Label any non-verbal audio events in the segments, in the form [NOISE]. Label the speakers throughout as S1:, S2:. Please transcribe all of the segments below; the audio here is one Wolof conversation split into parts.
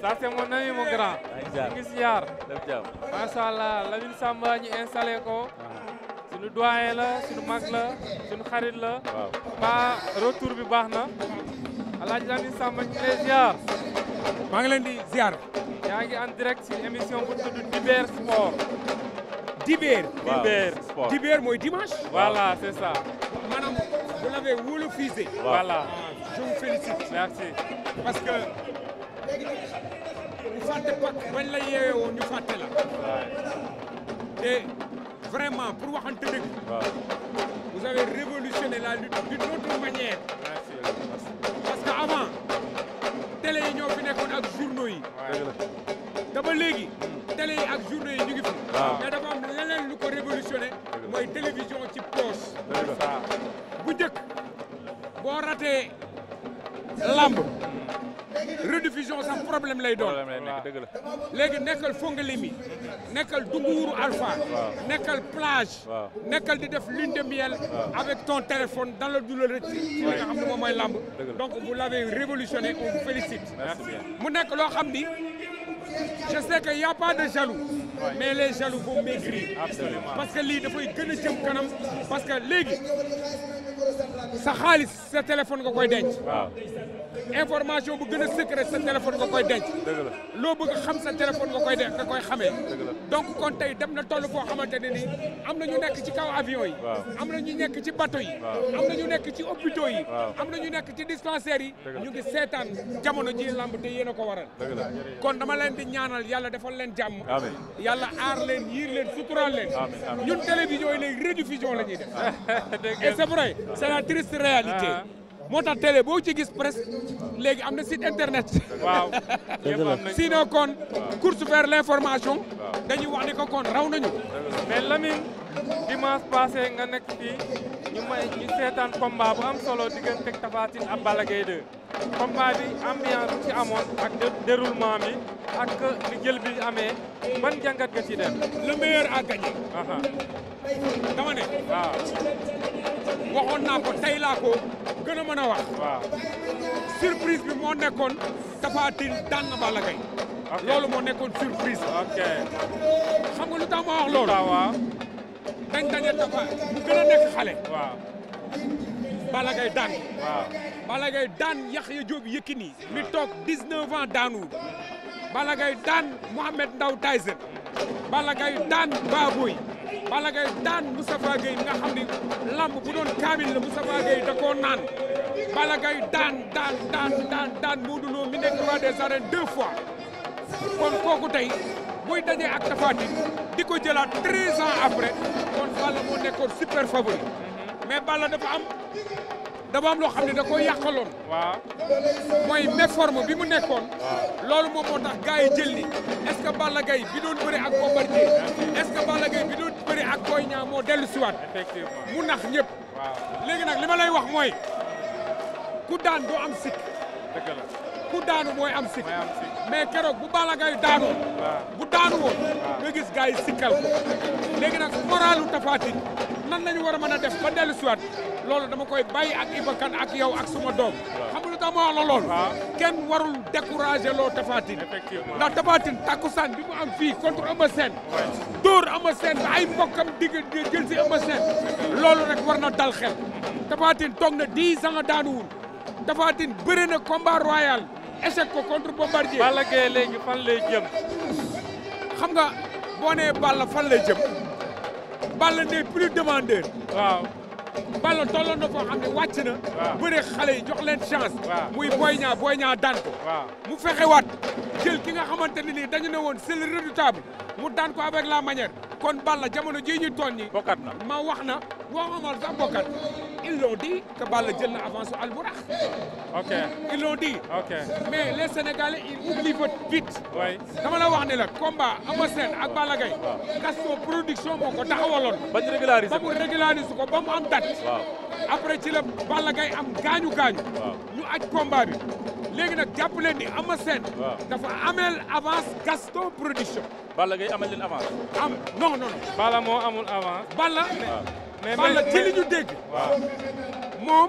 S1: ça c'est mon ami mon grand. ngi siyaar. macha allah Lamine Samba ñu installé ko. Ah. suñu doyen la suñu mag la suñu xarit la. waaw ba bi baax na. Alaaji Lamine Samba ñu ngi lay ziar. maa ngi leen di ziar. yaa ngi en direct ci émission bu tudd Diber Sport. Diber. waaw mooy dimanche. voilà c'est ça. maanaam vous l'avez wolofisé. voilà ah, je vous félicite. merci parce ñu fàtte pak bañ la yeewee woon te vraiment pour waxante dëgg vous avez révolutionné la lutte d'une autre parce que avant télé yi ñoo fi nekkoon ak journaux yi léegi hmm. télé yi ak journaux yi ñu ngi fi mais dafa am leneen lu ko révolutionné mooy télévision ci poche bu njëkk boo ratee lamb rediffusion sax problème lay doon. léegi nekkal Fongolimbi nekkal Dunguwuru Alpha. nekkal plage. nekkal di def lune de miel. avec ton téléphone dans le douleur de ci nga xam moom mooy lamb donc vous l'avez révolutionné on félicite. mu nekk loo xam ni je sais que y pas de jaloux. mais les jaloux vont maigrir. parce lii dafay gën a jëm kanam parce que léegi sa xaalis sa téléphone nga koy denc. information bu gën sa téléphone nga koy denc. loo bëgg xam sa téléphone nga koy denc nga koy xamee. donc kon tey dem na toll foo xamante ne nii am na ñu nekk ci kaw avion yi. am na ñu nekk ci bateau yi. am na ñu nekk ci hôpitaux yi. am na ñu nekk ci dispensaires yi. ñu ngi seetaan jamono ji lamb te yéen ko waral. kon dama leen di ñaanal yàlla defal leen jàmm. yàlla aar leen yiir leen suturaal leen. ñun télévision yi léegi rediffusion la ñuy def. [LAUGHS] et c'est vrai c'est la triste réalité. Ah. moo tax télé boo ci gis presque léegi am na site internet. waaw [LAUGHS] sinon kon course vers information. dañuy wax ni ko kon raw nañu dimanche passé nga nekk fii ñu may ñu seetaan combat bu am solo diggante ak Tapha Tine ak Balla Gaye 2 combat amoon ak déroulement bi ak li jël bi ban jàngat nga ci def. le meilleur a gagné. dama ne. waaw. waxoon naa a mën a wax. waaw surprise bi moo nekkoon Tapha Tine daan na Balla moo nekkoon surprise. ok xam nga lu tax ma dañ daje Tapha mu gën a nekk xale. waaw. Balla daan. waaw Balla daan Yaxya Diop Yékini. mi toog 19 ans daanu. Balla daan Mohamed Ndaw Tyson. Balla daan Baboy. Balla Gaye daan Moustapha Gueye nga xam ni lamb bu doon kaamil la Moustapha Gueye da koo naan. Balla Gaye daan daan mi nekk roi des arènes deux fois. kon kooku tey muy daje ak Tapha Tine di ko jëlaat 13 ans après kon Balla moo nekkoon super favori mhm. mais Balla dafa am dafa am loo xam ne da ko yàqaloon. waaw mooy méforme bi mu nekkoon. loolu moom moo tax gars yi jël ni est ce que Balla Gaye bi doon bëri ak Bombardier est Balla Gaye bi doon bëri ak Boy Niang moo mu nax ñëpp. waaw léegi nag li ma lay wax mooy ku daan doo am sikk. ku daanu mooy am sikk. mais keroog bu Balla Gaye daanoo bu daanu woon nga gis gars yi sikkal ko léegi nag moralu Tapha nan lañu war a mën a def ba dellu siwaat loolu dama koy bàyyi ak Iba Kane ak yow ak suma doom xam nga lu tax kenn warul décourager loo Tapha Tine ndax Tapha Tine takkusaan bi mu am fii contre Eumeu Sène dóor Eumeu ba ay mbokkam digg jël si Eumeu Sène loolu rek war na dal xel toog na dix ans daanuwul Tapha Tine bëri na combat royal échec ko contre Bombardier. Balla Gaye léegi fan lay jëm. xam nga boo nee Balla fan lay jëm Balla n'est plus demandeur. waaw. Balla tolloon na foo xam ne wàcc na. bëre xale yi jox leen chance. muy Boy Niang Boy Niang daan ko. mu fexe waat jël ki nga xamante ni nii dañu ne woon c'est le mu daan ko avec la manière kon Balla jamono jii ñu toll nii. bokkat na ma wax na waxuma sax bokkat. ils l'ont dit que Balla jël na avance Albourakh. ok ils l'ont dit. ok mais les Sénégalais ils oublient vite. oui la wax ne la combat Eumeu Sène ak Balla Gaye. waaw Gaston production moo ko taxawaloon. ba ñu régulariser ko ba mu régulariser am date. après ci la Balla Gaye am gaañu gaañu. ñu aj combat léegi nag jàpp leen ni Ama Sène dafa ameel avance Gaston Production. Balla Gaye amal leen am non non Balla moo amul avance. Balla mais Balla ci li ñu dégg. waaw moom.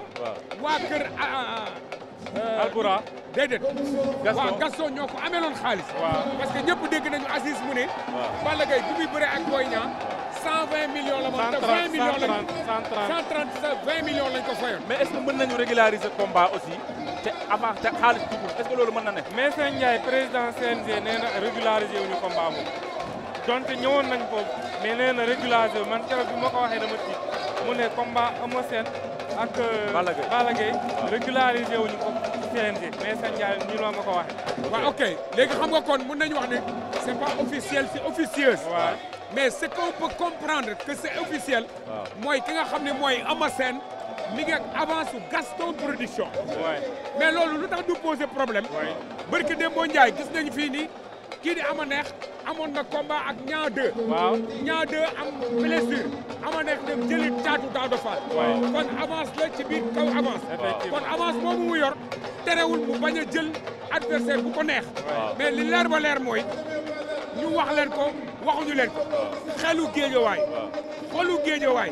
S1: waa kër. Ah, ah, ah. euh, Alboura. déedéet. Gaston Gaston ñoo ko ameeloon xaalis. parce que ñëpp dégg nañu Aziz mu ne. Balla Gaye bu muy bëree ak Boy Niang 120 millions la moom te 20 millions la 130 20 millions lañ ko fayoon. mais est ce que mën nañu régulariser combat aussi te avant te xaalis dugg est ce que loolu mën na ne. mais sëñ Ndiaye président CNG nee na régulariser wuñu combat moom donte ñëwoon nañ foofu mais nee na régulariser wu man keroog bi ma ko waxee dama tiit mu ne combat Eumeu Sène ak. Euh, Balla Gaye Balla Gaye régulariser wuñu ko. CNG mais Sane Ndiaye nii loo ma ko waxee. waaw ok léegi xam nga kon mën wax ne c' pas officiel c' est officieuse. waaw mais ce qu' on peut mooy ki nga xam ne mooy Amaseen mi ngi ak avance su Gaston production. mais loolu lu tax du poser problème. waay barki Demba Ndiaye gis nañu fii nii. kii di ama amoon na combat ak ñaa deux. waaw am blessure ama neex jëli caatu daaw de Fall. kon avance la ci biir kaw avance. kon avance moomu mu yor terewul mu bañ a jël adversaire bu ko neex. mais li leer ba leer mooy ñu wax ko. waxuñu leen ko xelu géejawaay xolu géejawaay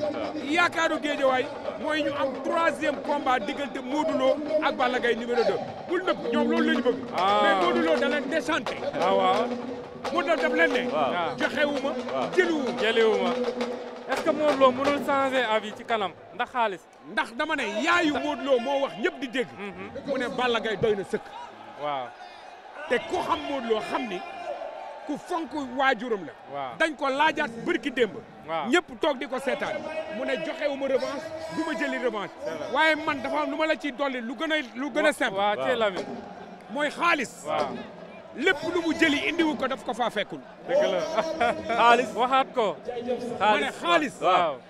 S1: yaakaaru géejawaay mooy ñu am troisième combat diggante Modou Lo ak Balla Gaye numéro 2 bul nëb ñoom loolu la ñu bëgg ah. mais Modou Lo da leen déchanté ah, waaw ah. joxewuma jëliwuma jëliwuma est-ce que Modou Lo ci kanam ndax xaalis ndax dama ne yaayu Modou Lo moo wax ñëpp di dégg mhm. mu ne Balla Gaye doy na sëkk waaw te ku xam Modou xam ni ku fonk waajuram la. dañ ko laajaat bërki démb. waaw ñëpp toog di ko seetaan mu ne joxewu ma revanche du ma jëli revanche. waaye man dafa am lu ma la ciy dolli lu gën a lu gën a simple. mooy xaalis. lépp lu mu jëli indiwu ko daf ko faa fekkul. dëgg la [LAUGHS] ko. xaalis.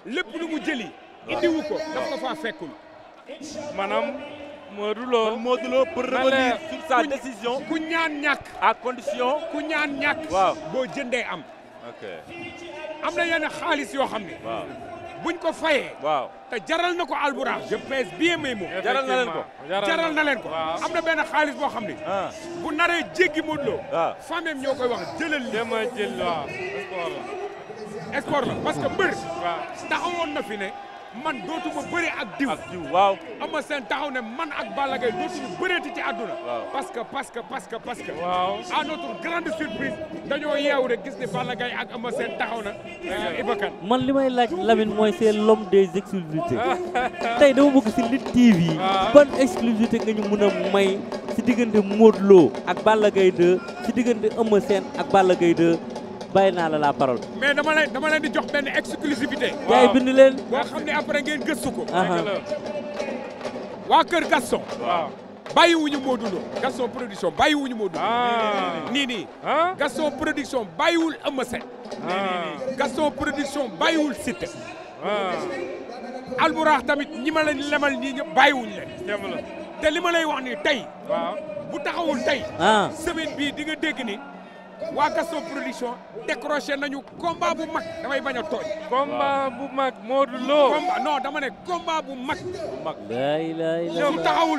S1: lépp lu mu jëli indiwu ko ko faa fekkul. maanaam. Modou Lo kon Modou Lo ku ñaan ñàkk. à condition. ku ñaan ñàkk. waaw boo jëndee am. am na yenn xaalis yoo xam ne. waaw buñ ko fayee. waaw te jaral na ko Albourakh. je pèse bien mes mots. jaral na leen ko jaral am na benn xaalis boo xam ne. Ah. bu naree jéggi Modou Lo. waaw ah. ñoo koy wax jëlal lii. dama jël waaw sport la. sport la parce que mbër. waaw na fi ne. man dootuma bëri ak diw. ak waaw. Eumeu Sène taxaw ne man ak Balla Gaye dootuñu bëreeti ci àdduna. parce que parce que parce que parce que. waaw à notre grande surprise dañoo yeewu rek gis ne Balla Gaye ak Eumeu Sène taxaw na. Euh,
S2: Iba man li may laaj Lamine mooy c'est l'homme des exclusivités. [LAUGHS] tey dama bëgg si Lutte TV. Ah. ban exclusivité nga ñu mën a may si diggante Modou ak Balla Gaye si diggante Eumeu Sène ak Balla Gaye bàyyi naa la la parole.
S1: mais dama dama leen di jox benn exclusivité. waaw gars bind leen. boo xam ne après ngeen gëstu ko. waa Kër Gaston. waaw bàyyiwuñu Modou Lo Gaston production bàyyiwuñu Modou Lo. Ah. Ah. Ah. nii nii. Gaston production bàyyiwul Eumeu Sène. Gaston production bàyyiwul Siteu. Alburax tamit ñi ma leen lemal ñii ñëpp bàyyiwuñu leen. te li ma lay wax nii tey. waaw bu taxawul tey. semaine bii di nga dégg ni. waa Gaston production décroché nañu combat bu mag damay bañ a tooñ. bu mag moo Lo. combat non dama ne combat bu mag.
S2: mag lay lay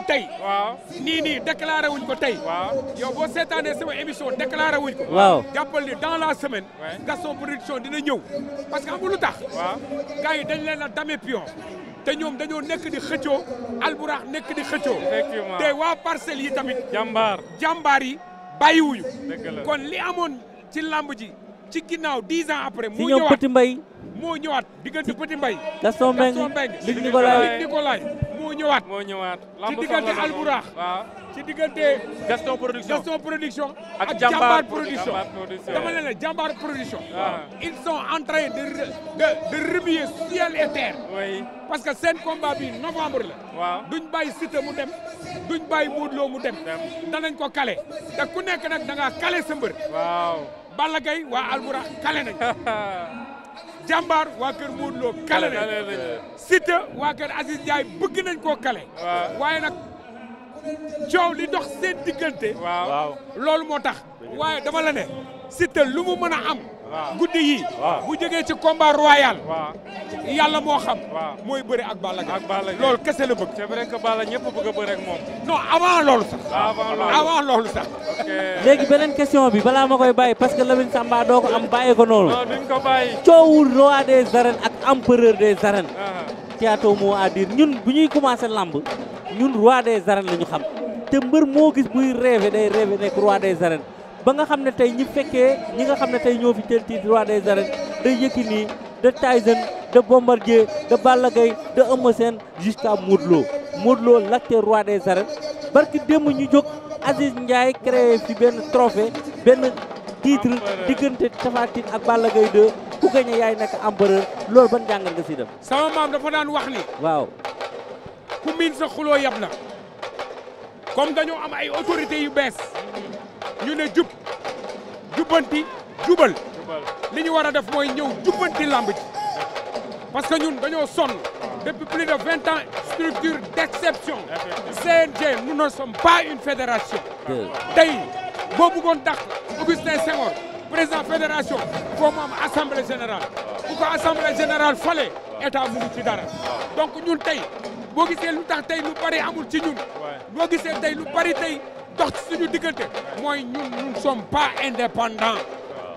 S1: tey. waaw nii nii déclaré wuñ ko tey. waaw yow boo seetaanee sama émission déclaré wuñ ko. waaw jàppal ni dans la semaine. Gaston production dina ñëw. parce que amul lu tax. waaw gars dañ leen a damee pion. te ñoom dañoo nekk di xëccoo alburax nekk di xëccoo. effectivement waa parcelles yi tamit. jàmbaar jàmbaar yi. bàyyiwuñu kon li amoon ci làmb ji ci ginnaaw dix ans après.
S2: mu ñëwaat si ñoom Petit Mbaye.
S1: moo ñëwaat diggante Petit Mbaye. Gaston Mbengue Luc Nicolaï Luc Nicolaï moo ñëwaat. moo ñëwaat ci diggante Albourakh. ci diggante. Gaston production production. ak Jambar production dama leen ne Jambar production. Ah. ils sont en parce que seen combat bi novembre la. waaw duñ bàyyi Siteu mu dem duñ bàyyi Modou Lo mu dem. danañ ko kale te ku nekk nag danga ngaa kale sa mbër. waaw Balla Gaye waa Albura kale nañ. [LAUGHS] Jambar waa kër Modou Lo kale nañ. Siteu waa kër Aziz Ndiaye bëgg nañ koo kale. waaye nag. coow li dox seen diggante. waaw loolu moo tax. waaye dama la ne. Siteu lu mu mën a am. guddi yi bu jógee ci combat royal. yàlla moo xam. mooy bëri ak Balla Gaye
S2: loolu kese la bëgg. c'est vrai que Balla ñëpp bëgg moom. non avant loolu sax. avant loolu sax. léegi beneen question bi balaa ma koy bàyyi parce que Lamine Samba doo ko am bàyyi ko noonu. non duñ ko ak am roi des arènes ak empereur des arènes. Ah. Thiatou ñun bu ñuy commencé lamb. ñun roi des arènes la ñu xam te mbër moo gis buy rêvé day rêvé nekk roi des arènes ba nga xam ne tey ñi fekkee ñi nga xam ne tey ñoo fi jël titre roi des arènes da Yékini da Tyson da Bombardier da Balla Gaye da Eumeu Sène jusqu'à Modou Lô Modou Lô l'acte roi des arènes barki démb ñu jóg Aziz Ndiaye créé fi benn trophée benn titre diggante Tapha Tine ak Balla Gaye 2 ku gagné yaay nekk empereur loolu ban jàngal nga si def.
S1: sama maam dafa daan wax ni. waaw. ku miin sa xuloo yab dañoo am ay autorités yu bees ñu ne jub jubbanti jubal li ñu war a def mooy ñëw jubbanti làmb ji parce que ñun dañoo sonn depuis plus de vingt ans structure d'exception CNG nous ne sommes pas une fédération ah, tey boo bëggoon tax Augustin Senghor président fédération foo mu am assemblée générale bu ah. ko assemblée général fale état mu ngi dara ah. donc ñun tey boo gisee lu tax tey lu bari amul ci ñun boo gisee tey lu bari tey dox ci suñu diggante mooy ñun nous pas indépendants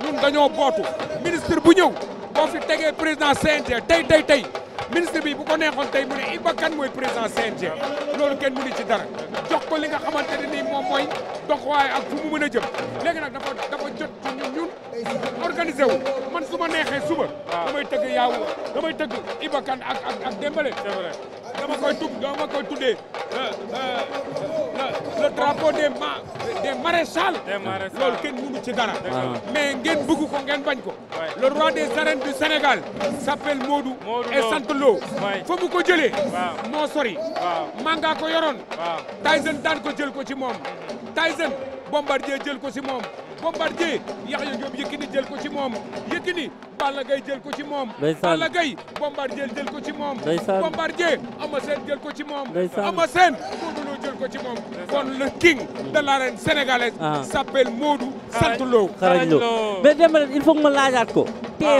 S1: ñun dañoo bootu ministre bu ñëw boo fi tegee président CNG tey tey tey ministre bi bu ko neexoon tey mu ne Iba Kane mooy président CNG loolu kenn mënu ci dara jox ko li nga xamante ne moom mooy doxawaay ak fu mën a jëm léegi nag dafa dafa jot ci ñun ñun organisé wu man su ma neexee suba ah. damay tëgg yaaw damay tëgg Iba Kane ak ak ak dama koy tudd dama koy tuddee euh, euh, le drapeau des ma des maréchals. loolu kenn mënu ci dara. Ah. mais ngeen bëgg ko ngeen bañ ko. le roi des arènes du Sénégal. s'appelle Modou. et sant Lo. fa mu ko jëlee. moo sori. manga ko yoroon. Tyson daan ko jël ko ci moom. Tyson bombardier jël ko ci moom. Bombardier Yaxya Diop Yékini jël ko ci moom Yékini la gay jël ko ci moom la Balla Gaye Bombardier jël ko ci moom Bombardier Ama Sène jël ko ci moom Ama Sène Modou Lo jël ko ci moom kon le king de l'arène sénégalaise ah. s'appelle Modou sant Lo mais Demba il faut que ma laajaat ko ah.